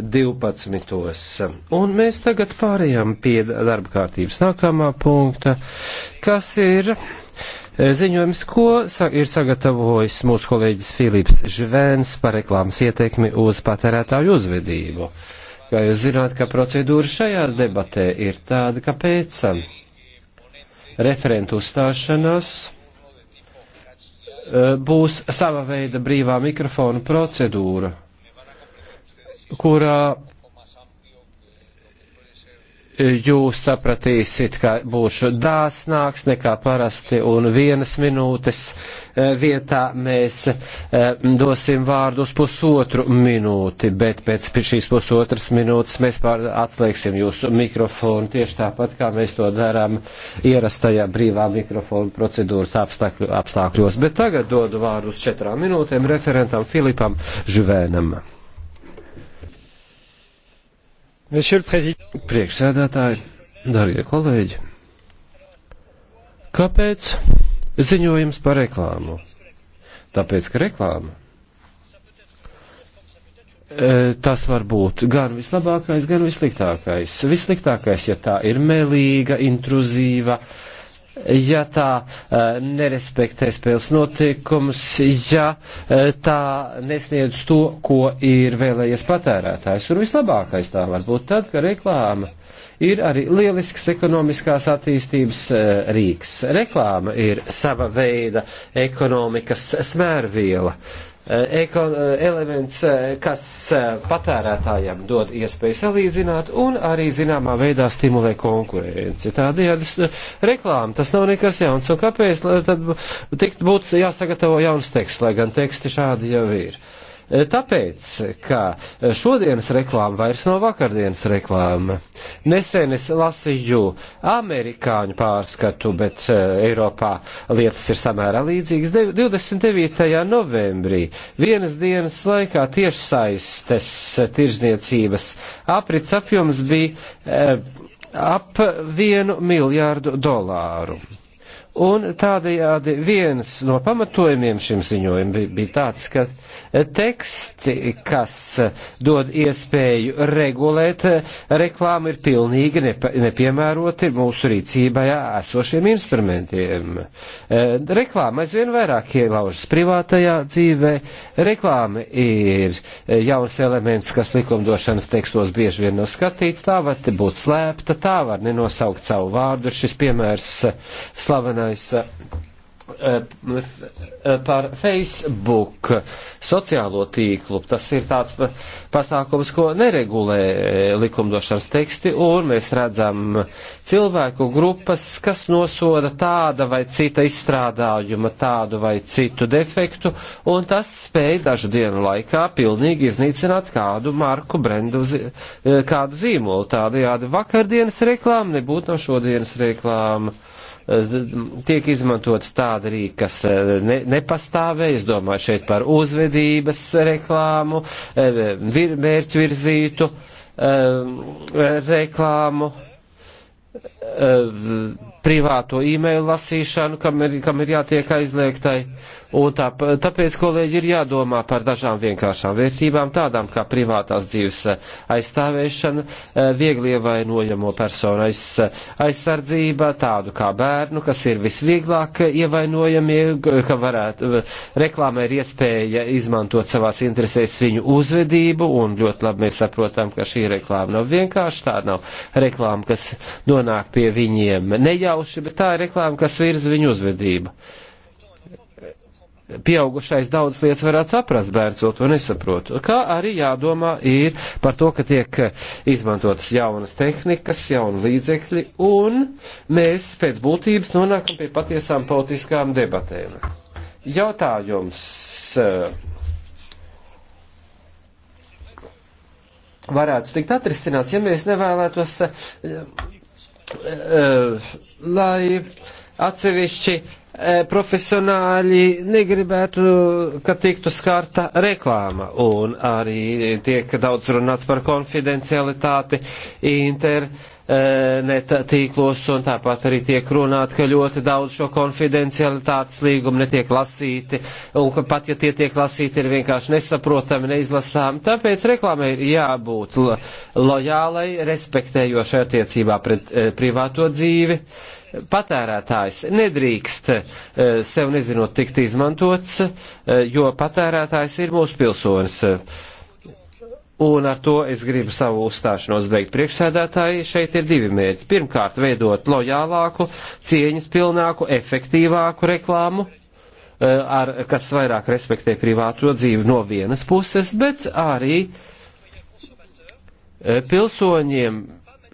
12. Un mēs tagad pārējām pie darba kārtības nākamā punkta, kas ir eh, ziņojums, ko ir sagatavojis mūsu kolēģis Filips Žvēns par reklāmas ietekmi uz patērētāju uzvedību. Kā jūs zināt, ka procedūra šajās debatē ir tāda, ka pēc um, referentu uzstāšanās eh, būs sava veida brīvā mikrofona procedūra kurā jūs sapratīsiet, ka būšu dāsnāks nekā parasti un vienas minūtes e, vietā mēs e, dosim vārdu uz pusotru minūti, bet pēc šīs pusotras minūtes mēs atslēgsim jūsu mikrofonu tieši tāpat, kā mēs to darām ierastajā brīvā mikrofonu procedūras apstākļos. Bet tagad dodu vārdu uz četrām minūtēm referentam Filipam Žuvēnam. Priekšsēdētāji, darbie kolēģi, kāpēc ziņojums par reklāmu? Tāpēc, ka reklāma e, tas var būt gan vislabākais, gan vissliktākais. Vissliktākais, ja tā ir melīga, intruzīva, uh, ja tā uh, nerespektē spēles notiekumus, ja uh, tā nesniedz to, ko ir vēlējies patērētājs. Un vislabākais tā var būt tad, ka reklāma ir arī lielisks ekonomiskās attīstības uh, rīks. Reklāma ir sava veida ekonomikas smērviela. Uh, Eh, ekon, eh, elements, eh, kas patērētājiem dod iespēju salīdzināt un arī zināmā veidā stimulē konkurenci. Tādējādi reklāma tas nav nekas jauns, un kāpēc tad tikt būtu jāsagatavo jauns teksts, lai gan teksti šādi jau ir. Uh, Tāpēc, ka šodienas reklāma vairs nav vakardienas reklāma. Nesen es lasīju amerikāņu pārskatu, bet eh, Eiropā lietas ir samērā līdzīgas. 29. novembrī vienas dienas laikā tiešsaistes tirzniecības aprits apjoms bija eh, ap vienu miljārdu dolāru. Un tādējādi viens no pamatojumiem šim ziņojumam bija, bija tāds, ka eh, teksti, kas eh, dod iespēju regulēt eh, reklāmu, ir pilnīgi nepiemēroti mūsu rīcībā esošiem instrumentiem. Reklāma aizvien vairāk ielaužas privātajā dzīvē. Reklāma ir jauns elements, kas likumdošanas tekstos bieži vien nav skatīts. Tā var būt slēpta, tā var nenosaukt savu vārdu. Šis piemērs slavenā galvenais eh, eh, par Facebook sociālo tīklu. Tas ir tāds pasākums, ko neregulē likumdošanas teksti, un mēs redzam cilvēku grupas, kas nosoda tāda vai cita izstrādājuma, tādu vai citu defektu, un tas spēj dažu dienu laikā pilnīgi iznīcināt kādu marku, brendu, eh, kādu zīmolu. Tādējādi vakardienas reklāma nebūtu no šodienas reklāma Eh, tiek izmantots tāda rīka, kas eh, ne, nepastāvē. Es domāju šeit par uzvedības reklāmu, eh, vir, mērķu virzītu reklāmu privāto e-mailu lasīšanu, kam ir, kam ir jātiek aizliegtai. Un tā, tāpēc, kolēģi, ir jādomā par dažām vienkāršām vērtībām, tādām kā privātās dzīves aizstāvēšana, eh, viegli ievainojamo personu aiz, aizsardzība, tādu kā bērnu, kas ir visvieglāk ievainojamie, ka varētu, reklāmai ir iespēja izmantot savās interesēs viņu uzvedību, un ļoti labi mēs saprotam, ka šī reklāma nav vienkārši, tā nav reklāma, kas nonāk pie viņiem nejā nejauši, bet tā ir reklāma, kas virza viņu uzvedību. Pieaugušais daudz lietas varētu saprast, bērns vēl to nesaprot. Kā arī jādomā ir par to, ka tiek izmantotas jaunas tehnikas, jauni līdzekļi, un mēs pēc būtības nonākam pie patiesām politiskām debatēm. Jautājums. Uh, varētu tikt atrisināts, ja mēs nevēlētos eh, Eh, lai atsevišķi eh, profesionāļi negribētu, ka tiktu skarta reklāma, un arī tiek daudz runāts par konfidencialitāti inter E, net tīklos, un tāpat arī tiek runāt, ka ļoti daudz šo konfidencialitātes līgumu netiek lasīti, un ka pat, ja tie tiek lasīti, ir vienkārši nesaprotami, neizlasām. Tāpēc reklāmai ir jābūt lojālai, respektējošai attiecībā pret e, privāto dzīvi. Patērētājs nedrīkst e, sev nezinot tikt izmantots, e, jo patērētājs ir mūsu pilsonis. E, Un ar to es gribu savu uzstāšanos beigt priekšsēdētāji. Šeit ir divi mērķi. Pirmkārt, veidot lojālāku, cieņas pilnāku, efektīvāku reklāmu, eh, ar, kas vairāk respektē privāto dzīvi no vienas puses, bet arī eh, pilsoņiem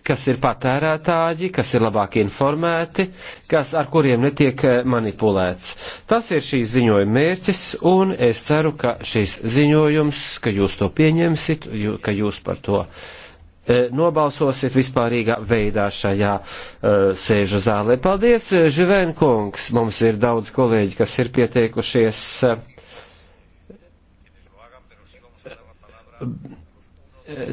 kas ir patērētāji, kas ir labāk informēti, kas ar kuriem netiek eh, manipulēts. Tas ir šīs ziņojuma mērķis, un es ceru, ka šis ziņojums, ka jūs to pieņemsit, ka jūs par to eh, nobalsosiet vispārīgā veidā šajā eh, sēžu zālē. Paldies, Živenkungs! Mums ir daudz kolēģi, kas ir pieteikušies.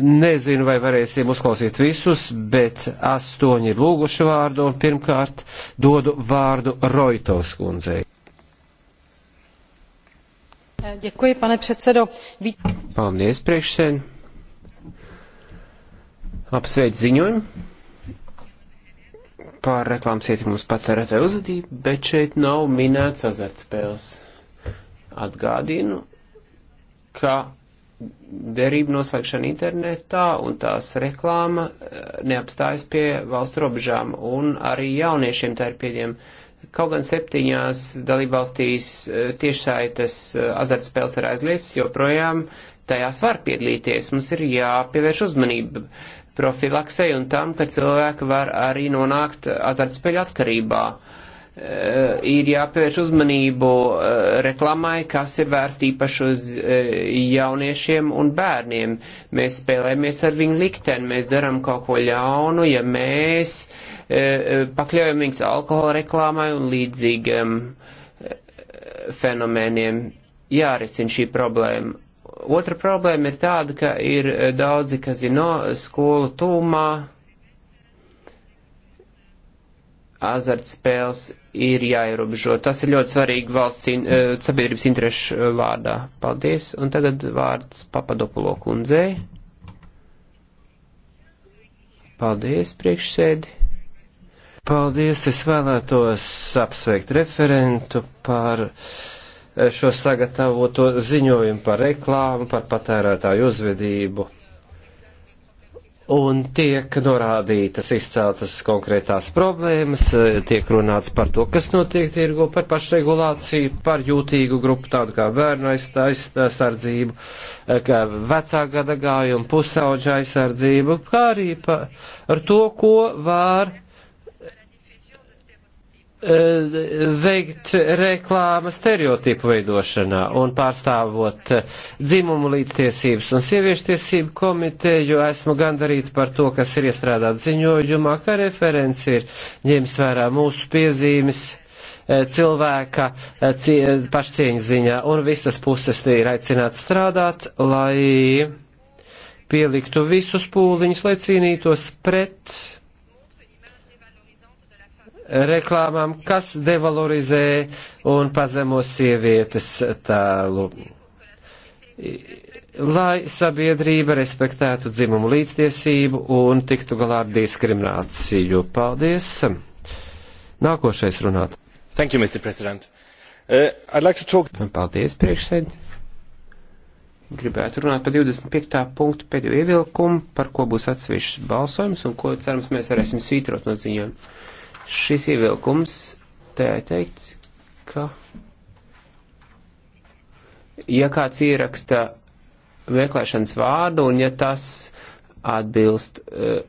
Nezinu, vai varēsim uzklausīt visus, bet astoņi ir lūguši vārdu un pirmkārt dodu vārdu Roitovs kundzei. Děkuji, pane předsedo. Ví... Paldies, priekšsēn. Apsveic ziņojumu par reklāmas ietekmi uz patērētāju uzvedību, bet šeit nav minēts azartspēles. Atgādinu, ka derību noslēgšana internetā un tās reklāma eh, neapstājas pie valstu robežām, un arī jauniešiem tā ir pieņemama. Kaut gan septiņās dalībvalstīs eh, tiešsaites eh, azartspēles ir aizliegts, joprojām tajās var piedalīties. Mums ir jāpievērš uzmanība profilaksei un tam, ka cilvēki var arī nonākt azartspēļu atkarībā. Uh, Eh, ir jāpievērš uzmanību eh, reklamai, kas ir vērsta īpaši uz eh, jauniešiem un bērniem. Mēs spēlējamies ar viņu likteni, mēs darām kaut ko ļaunu, ja mēs pakļaujam viņus alkohola reklāmai un līdzīgiem fenomeniem. Jārisina šī problēma. Otra problēma ir tāda, ka ir daudzi kazino skolu tūmā, azartspēles ir jāierobežo. Tas ir ļoti svarīgi valsts in, eh, sabiedrības interešu eh, vārdā. Paldies. Un tagad vārds Papadopulo kundzei. Paldies, priekšsēdi. Paldies, es vēlētos apsveikt referentu par eh, šo sagatavoto ziņojumu par reklāmu, par patērētāju uzvedību un tiek norādītas izceltas konkrētās problēmas, tiek runāts par to, kas notiek tirgu, par pašregulāciju, par jūtīgu grupu tādu kā bērnu aizsardzību, kā vecā gada gājuma pusauģa aizsardzību, kā arī par to, ko var veikt reklāma stereotipu veidošanā un pārstāvot dzimumu līdztiesības un sieviešu tiesību komiteju. Esmu gandarīta par to, kas ir iestrādāts ziņojumā, ka referents ir ņems vērā mūsu piezīmes eh, cilvēka eh, pašcieņas ziņā un visas puses ir aicināts strādāt, lai pieliktu visus pūliņus, lai cīnītos pret reklāmām, kas devalorizē un pazemo sievietes tēlu. Lai sabiedrība respektētu dzimumu līdztiesību un tiktu galā ar diskrimināciju. Paldies! Nākošais runāt. Thank you, Mr. President. Uh, I'd like to talk... Paldies, priekšsēd. Gribētu runāt par 25. punktu pēdējo ievilkumu, par ko būs atsevišķs balsojums un ko, cerams, mēs varēsim svītrot no ziņām. Uh, Šis ievilkums tajā teikts, ka ja kāds ieraksta meklēšanas vārdu un ja tas atbilst uh,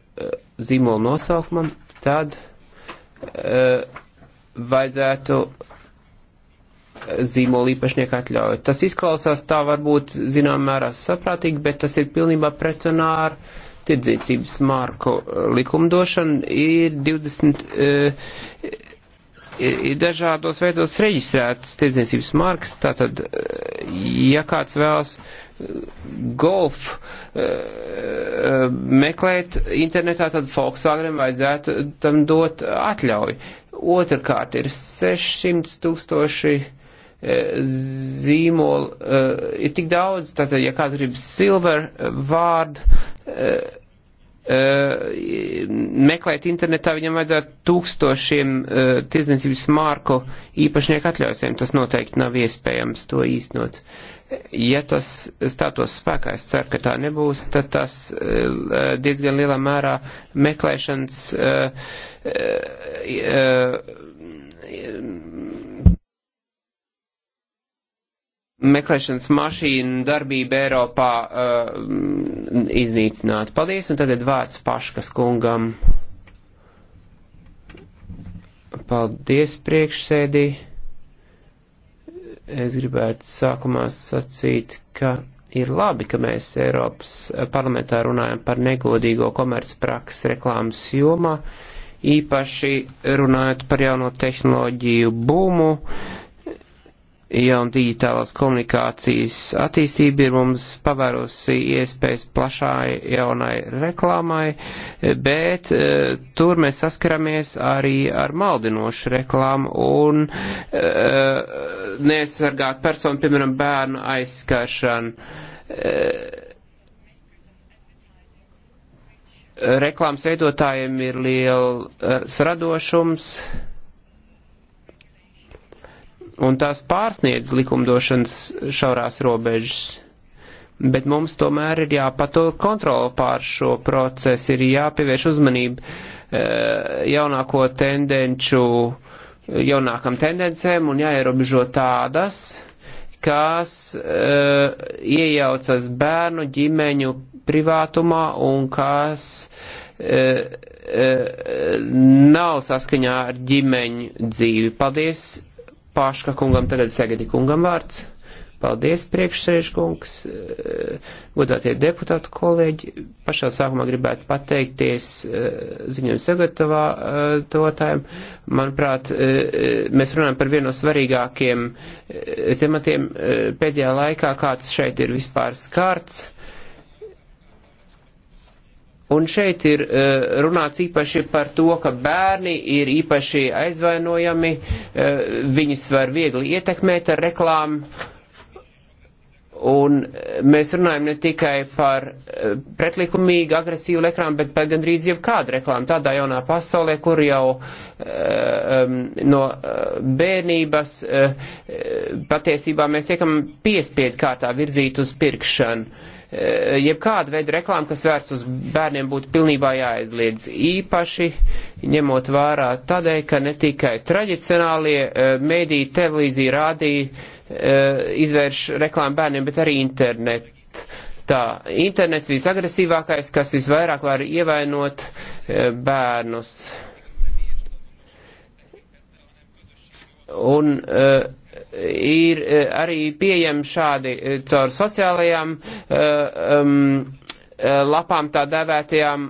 zīmola nosaukumam, tad uh, vajadzētu zīmola īpašnieku atļauju. Tas izklausās tā varbūt zināmā mērā saprātīgi, bet tas ir pilnībā pretrunā ar uh, tirdzniecības marku eh, likumdošana ir 20. Uh, ir dažādos veidos reģistrētas tirdzniecības markas. Tātad, eh, ja kāds vēlas eh, golf meklēt internetā, tad Volkswagenam vajadzētu tam dot atļauju. Otrakārt ir 600 tūkstoši 000 zīmolu, eh, ir tik daudz, tātad, ja kāds grib silver vārdu, eh, eh, meklēt internetā, viņam vajadzētu tūkstošiem tirdzniecības mārku īpašnieku atļausiem. Tas noteikti nav iespējams to īstenot. Ja tas stātos spēkā, es ceru, ka tā nebūs, tad tas diezgan lielā mērā meklēšanas meklēšanas mašīnu darbību Eiropā uh, iznīcināt. Paldies, un tagad vārds Paškas kungam. Paldies, priekšsēdī. Es gribētu sākumā sacīt, ka ir labi, ka mēs Eiropas parlamentā runājam par negodīgo komercprakses reklāmas jomā, īpaši runājot par jauno tehnoloģiju būmu. Uh, ja un digitālās komunikācijas attīstība ir mums pavērusi iespējas plašai jaunai reklāmai, bet e, tur mēs saskaramies arī ar maldinošu reklāmu un e, nesargāt personu, piemēram, bērnu aizskaršanu. E, reklāmas veidotājiem ir liels radošums. E, un tās pārsniedz likumdošanas šaurās robežas. Bet mums tomēr ir jāpatur kontroli pār šo procesu, ir jāpievērš uzmanība e, jaunāko tendenču, jaunākam tendencēm un jāierobežo tādas, kas e, iejaucas bērnu ģimeņu privātumā un kas e, nav saskaņā ar ģimeņu dzīvi. Paldies! Paška kungam, tagad Segedi kungam vārds. Paldies, priekšsēžkungs, godātie deputāti kolēģi. Pašā sākumā gribētu pateikties eh, ziņojumu sagatavotājiem. Eh, Manuprāt, eh, mēs runājam par vienu no svarīgākiem tematiem pēdējā laikā, kāds šeit ir vispār skārts Un šeit ir eh, runāts īpaši par to, ka bērni ir īpaši aizvainojami, eh, viņus var viegli ietekmēt ar reklāmu. Un eh, mēs runājam ne tikai par pretlikumīgu agresīvu reklāmu, bet par gandrīz jebkādu reklāmu tādā jaunā pasaulē, kur jau um, no bērnības uh, patiesībā mēs tiekam piespied kārtā virzīt uz pirkšanu. Uh, Eh, jebkāda veida reklāma, kas vērsts uz bērniem, būtu pilnībā jāaizliedz. Īpaši ņemot vērā tādēļ, ka ne tikai tradicionālie eh, mēdīji, televīzija, rādīja eh, izvērš reklāmu bērniem, bet arī internet. Tā, internets visagresīvākais, kas visvairāk var ievainot bērnus. Un uh, ir eh, arī pieejami šādi eh, caur sociālajām um, lapām tā devētajām,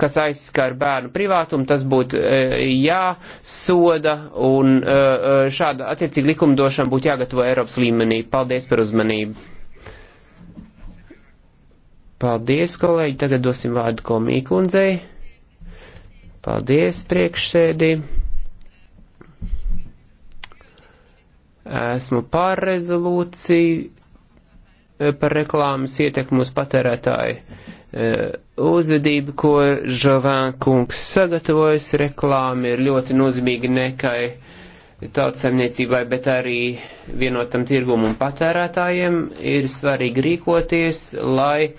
kas aizskar bērnu privātumu, tas būtu jāsoda un šāda attiecīga likumdošana būtu jāgatavo Eiropas līmenī. Paldies par uzmanību. Paldies, kolēģi. Tagad dosim vārdu komīkundzei. Paldies, priekšsēdī. Esmu par rezolūciju e, par reklāmas ietekmu uz patērētāju e, uzvedību, ko Žovēn kungs sagatavojas. Reklāma ir ļoti nozīmīga nekai tautsemniecībai, bet arī vienotam tirgum un patērētājiem ir svarīgi rīkoties, lai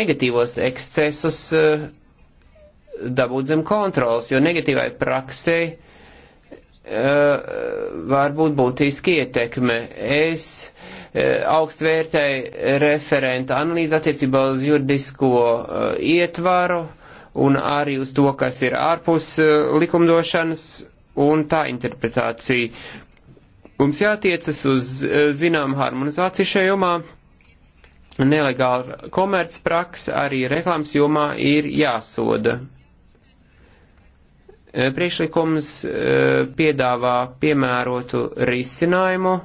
negatīvos ekscesus e, dabūt zem kontrols, jo negatīvai praksei Eh, var būt būtiski ietekme. Es eh, augstu vērtēju referenta analīzi attiecībā uz juridisko eh, ietvaru un arī uz to, kas ir ārpus likumdošanas un tā interpretācija. Mums jātiecas uz zinām harmonizāciju šajā jomā. Nelegāla komercpraksa arī reklāmas jomā ir jāsoda. Eh, priekšlikums eh, piedāvā piemērotu risinājumu, eh,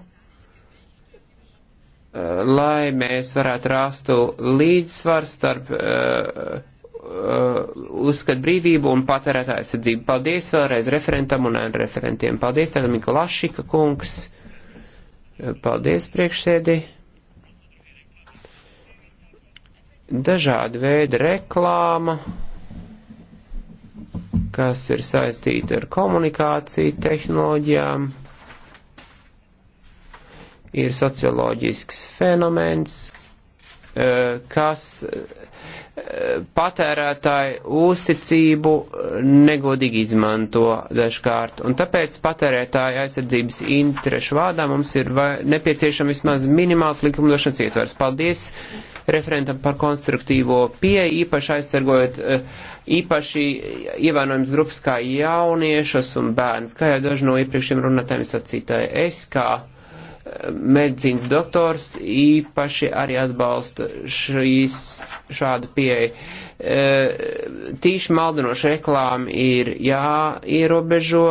lai mēs varētu rastu līdzsvaru starp uzskat brīvību un patērētā aizsardzību. Paldies vēlreiz referentam un referentiem. Paldies, tagad Mikolašika kungs. Paldies, priekšsēdi. Dažādi veidi reklāma kas ir saistīti ar komunikāciju, tehnoloģijām, ir socioloģisks fenomens, eh, kas eh, patērētāju uzticību negodīgi izmanto dažkārt. Un tāpēc patērētāju aizsardzības interešu vārdā mums ir nepieciešama vismaz minimāls likumdošanas ietvers. Paldies! referentam par konstruktīvo pieeju, īpaši aizsargojot eh, īpaši ievainojums grupas kā jauniešus un bērns, kā jau daži no iepriekšiem runātājiem sacītāji. Es kā eh, medicīnas doktors īpaši arī atbalsta šīs, šādu pieeju. E, tīši maldinoša reklāma ir jāierobežo,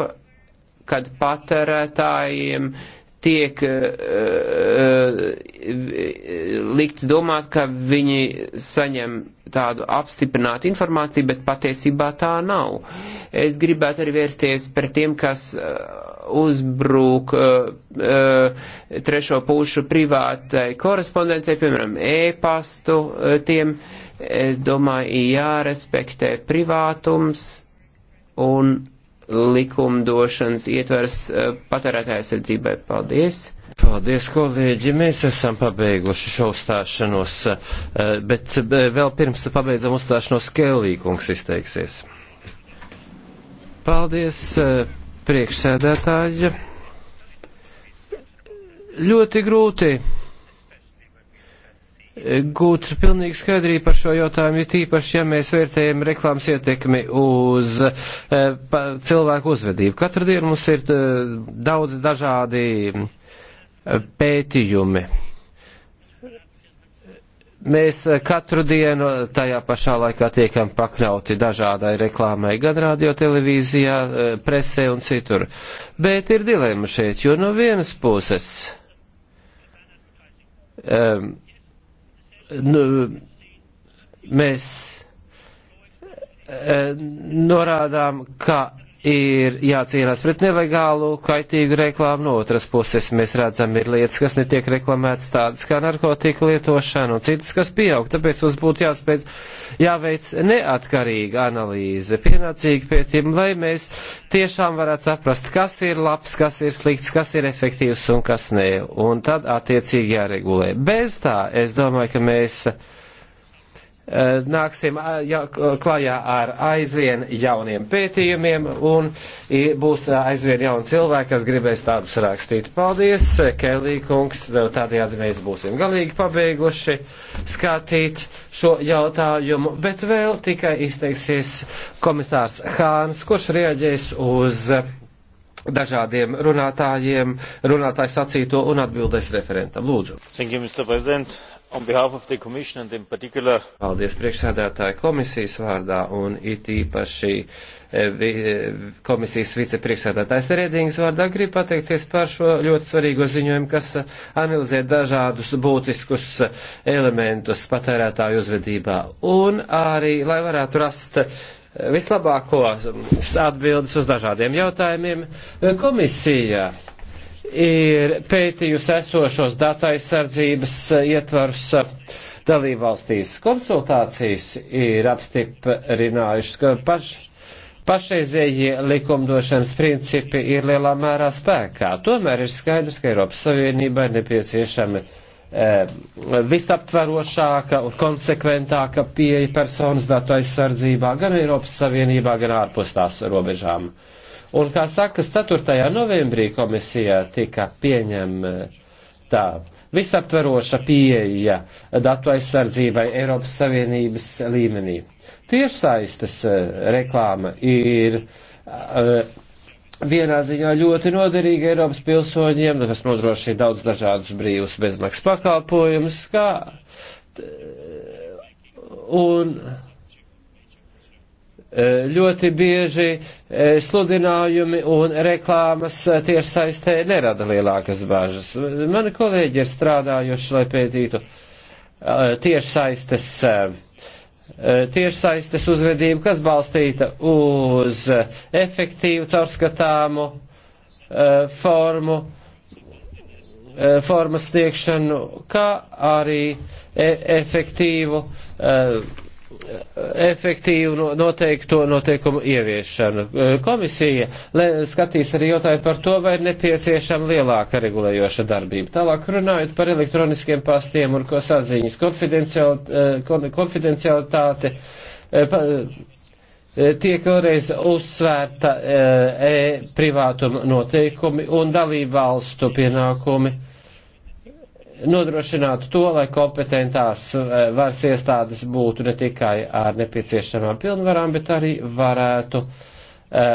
kad patērētājiem e, tiek uh, likts domāt, ka viņi saņem tādu apstiprinātu informāciju, bet patiesībā tā nav. Es gribētu arī vērsties pret tiem, kas eh, uzbrūk uh, uh, trešo pušu privātai korespondencei, piemēram, e-pastu uh, tiem. Es domāju, jārespektē privātums un likumdošanas ietvers eh, patērētāja aizsardzībai. Paldies! Paldies, kolēģi! Mēs esam pabeiguši šo uzstāšanos, eh, bet eh, vēl pirms pabeidzam uzstāšanos Kelly kungs izteiksies. Paldies, priekšsēdētāji! Ļoti grūti gūt pilnīgi skaidrību par šo jautājumu, ir tīpaši, ja mēs vērtējam reklāmas ietekmi uz eh, cilvēku uzvedību. Katru dienu mums ir eh, daudz dažādi eh, pētījumi. Mēs katru dienu tajā pašā laikā tiekam pakļauti dažādai reklāmai, gan radiotelevīzijā, presē un citur. Bet ir dilema šeit, jo no vienas puses um, nu, mēs eh, norādām, ka ir jācīnās pret nelegālu kaitīgu reklāmu, no otras puses mēs redzam, ir lietas, kas netiek reklamētas tādas kā narkotika lietošana un citas, kas pieaug, tāpēc mums būtu jāspēc, jāveic neatkarīga analīze, pienācīgi pētījumi, lai mēs tiešām varētu saprast, kas ir labs, kas ir slikts, kas ir efektīvs un kas nē, un tad attiecīgi jāregulē. Bez tā, es domāju, ka mēs Eh, nāksim eh, klajā ar aizvien jauniem pētījumiem un būs eh, aizvien jauni cilvēki, kas gribēs tādus rakstīt. Paldies, Kelī kungs, tādējādi mēs būsim galīgi pabeiguši skatīt šo jautājumu, bet vēl tikai izteiksies komisārs Hāns, kurš rieģēs uz dažādiem runātājiem, runātāju sacīto un atbildēs referentam. Lūdzu. Thank you, Mr. President. Particular... Paldies priekšsēdētāju komisijas vārdā un it īpaši e, vi, e, komisijas vicepriekšsēdētājs Redings vārdā grib pateikties par šo ļoti svarīgo ziņojumu, kas e, analizē dažādus būtiskus elementus patērētāju uzvedībā un arī, lai varētu rast vislabāko atbildes uz dažādiem jautājumiem, komisija ir pētījusi esošos datu aizsardzības eh, ietvarus eh, dalībvalstīs. Konsultācijas ir apstiprinājušas, ka paš, pašreizējie likumdošanas principi ir lielā mērā spēkā. Tomēr ir skaidrs, ka Eiropas Savienībai nepieciešami eh, visaptverošāka un konsekventāka pieeja personas datu aizsardzībā gan Eiropas Savienībā, gan ārpus tās robežām. Eh, Un, kā sakas, 4. novembrī komisijā tika pieņemta visaptveroša pieeja datu aizsardzībai Eiropas Savienības līmenī. Tiešsaistes eh, reklāma ir eh, vienā ziņā ļoti noderīga Eiropas pilsoņiem, kas nodrošina daudz dažādus brīvus bezmaksas pakalpojumus, kā un Eh, ļoti bieži eh, sludinājumi un reklāmas eh, tiešsaistē nerada lielākas bažas. Mani kolēģi ir strādājuši, lai pētītu tiešsaistes, tiešsaistes uzvedību, kas balstīta uz efektīvu, caurskatāmu formu, formas sniegšanu, kā arī efektīvu efektīvu noteikto noteikumu ieviešanu. E, komisija skatīs arī jautājumu par to, vai ir nepieciešama lielāka regulējoša darbība. Tālāk runājot par elektroniskiem pastiem un ko saziņas e, konfidencialitāte e, tiek vēlreiz uzsvērta e, privātuma noteikumi un dalību valstu pienākumi nodrošinātu to, lai kompetentās eh, varas iestādes būtu ne tikai ar nepieciešamām pilnvarām, bet arī varētu eh,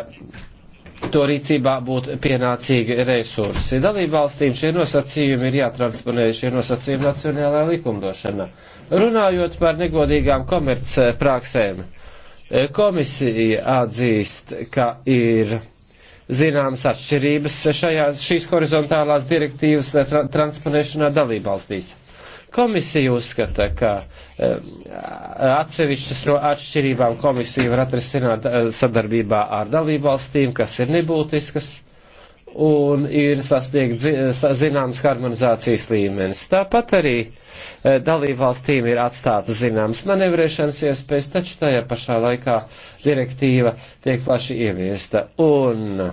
to rīcībā būt pienācīgi resursi. Dalībvalstīm šie nosacījumi ir jātransponē šie nosacījumi nacionālajā likumdošanā. Runājot par negodīgām komercprāksēm, eh, komisija atzīst, ka ir zināmas atšķirības šajās, šīs horizontālās direktīvas eh, tra transponēšanā dalībvalstīs. Komisija uzskata, ka eh, atsevišķas no atšķirībām komisija var atrisināt eh, sadarbībā ar dalībvalstīm, kas ir nebūtiskas un ir sasniegt zināms harmonizācijas līmenis. Tāpat arī eh, dalībvalstīm ir atstātas zināmas manevrēšanas iespējas, taču tajā pašā laikā direktīva tiek plaši ieviesta. Un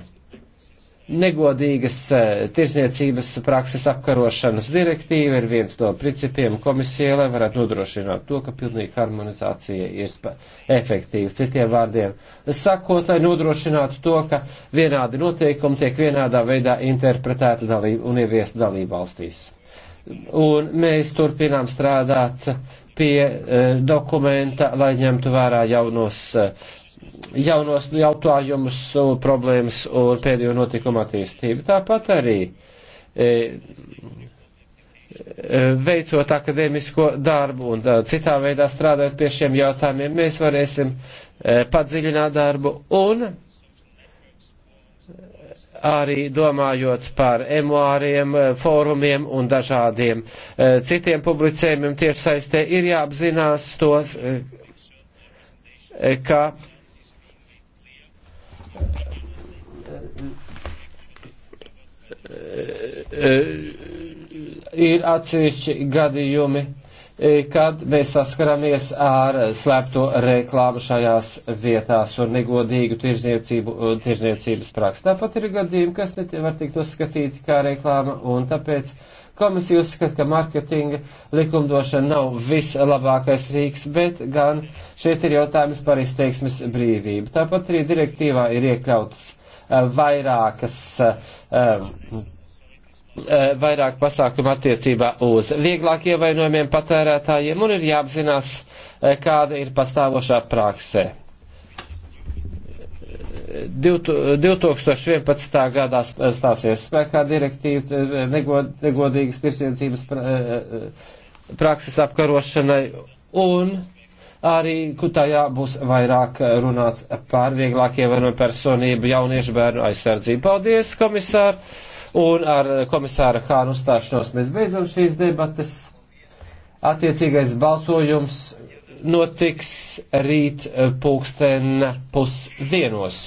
Negodīgas e, tirsniecības prakses apkarošanas direktīva ir viens no principiem komisijai, lai varētu nodrošināt to, ka pilnīga harmonizācija ir efektīva. Citiem vārdiem sakot, lai nodrošinātu to, ka vienādi noteikumi tiek vienādā veidā interpretēti dalību un ieviest dalību valstīs. Un mēs turpinām strādāt pie e, dokumenta, lai ņemtu vērā jaunos e, jaunos jautājumus, problēmas un pēdējo notikumu attīstību. Tāpat arī e, e veicot akadēmisko darbu un e, citā veidā strādājot pie šiem jautājumiem, mēs varēsim e, padziļināt darbu un arī domājot par emuāriem, fórumiem un dažādiem citiem publicējumiem tiešsaistē, ir jāapzinās tos, ka ir atsevišķi gadījumi, kad mēs saskaramies ar slēpto reklāmu šajās vietās un negodīgu tirzniecības praksi. Tāpat ir gadījumi, kas var tikt uzskatīti kā reklāma, un tāpēc Komisija uzskata, ka marketinga likumdošana nav vislabākais rīks, bet gan šeit ir jautājums par izteiksmes brīvību. Tāpat arī direktīvā ir iekļautas uh, vairākas. Uh, vairāk pasākumu attiecībā uz vieglāk ievainojumiem patērētājiem un ir jāapzinās, kāda ir pastāvošā praksē. 2011. gadā stāsies spēkā direktīva negod, negodīgas tirsniecības eh, prakses apkarošanai un arī tajā būs vairāk runāts par vieglāk ievainojumu personību jauniešu bērnu aizsardzību. Paldies, komisār! Un ar komisāra Hānu stāšanos mēs beidzam šīs debates. Attiecīgais balsojums notiks rīt eh, pulksten pusdienos.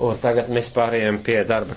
Un tagad mēs pārējām pie darba.